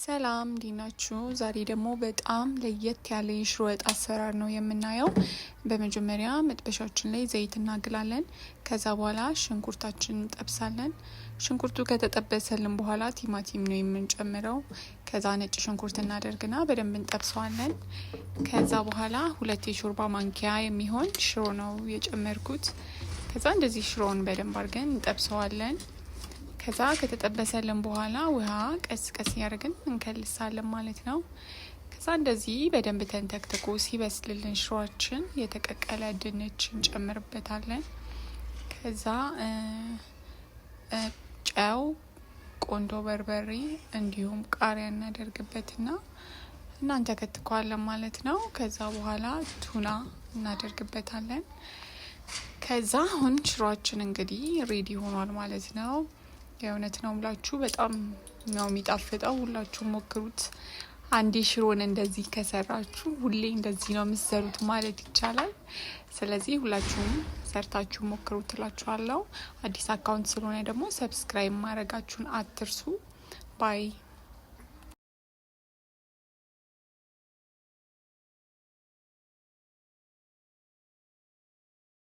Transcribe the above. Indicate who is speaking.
Speaker 1: ሰላም እንዲናችሁ። ዛሬ ደግሞ በጣም ለየት ያለ የሽሮ ወጥ አሰራር ነው የምናየው። በመጀመሪያ መጥበሻችን ላይ ዘይት እናግላለን። ከዛ በኋላ ሽንኩርታችን እንጠብሳለን። ሽንኩርቱ ከተጠበሰልን በኋላ ቲማቲም ነው የምንጨምረው። ከዛ ነጭ ሽንኩርት እናደርግና በደንብ እንጠብሰዋለን። ከዛ በኋላ ሁለት የሾርባ ማንኪያ የሚሆን ሽሮ ነው የጨመርኩት። ከዛ እንደዚህ ሽሮውን በደንብ አድርገን እንጠብሰዋለን። ከዛ ከተጠበሰልን በኋላ ውሃ ቀስ ቀስ እያደረግን እንከልሳለን ማለት ነው። ከዛ እንደዚህ በደንብ ተንተክትኮ ሲበስልልን ሽሯችን የተቀቀለ ድንች እንጨምርበታለን። ከዛ ጨው፣ ቆንዶ በርበሬ እንዲሁም ቃሪያ እናደርግበትና እናንተከትከዋለን ማለት ነው። ከዛ በኋላ ቱና እናደርግበታለን። ከዛ አሁን ሽሯችን እንግዲህ ሬዲ ሆኗል ማለት ነው። የእውነት ነው ምላችሁ በጣም ነው የሚጣፍጠው። ሁላችሁ ሞክሩት። አንዴ ሽሮን እንደዚህ ከሰራችሁ ሁሌ እንደዚህ ነው የምትሰሩት ማለት ይቻላል። ስለዚህ ሁላችሁም ሰርታችሁ ሞክሩት እላችኋለሁ። አዲስ አካውንት ስለሆነ ደግሞ ሰብስክራይብ ማድረጋችሁን አትርሱ። ባይ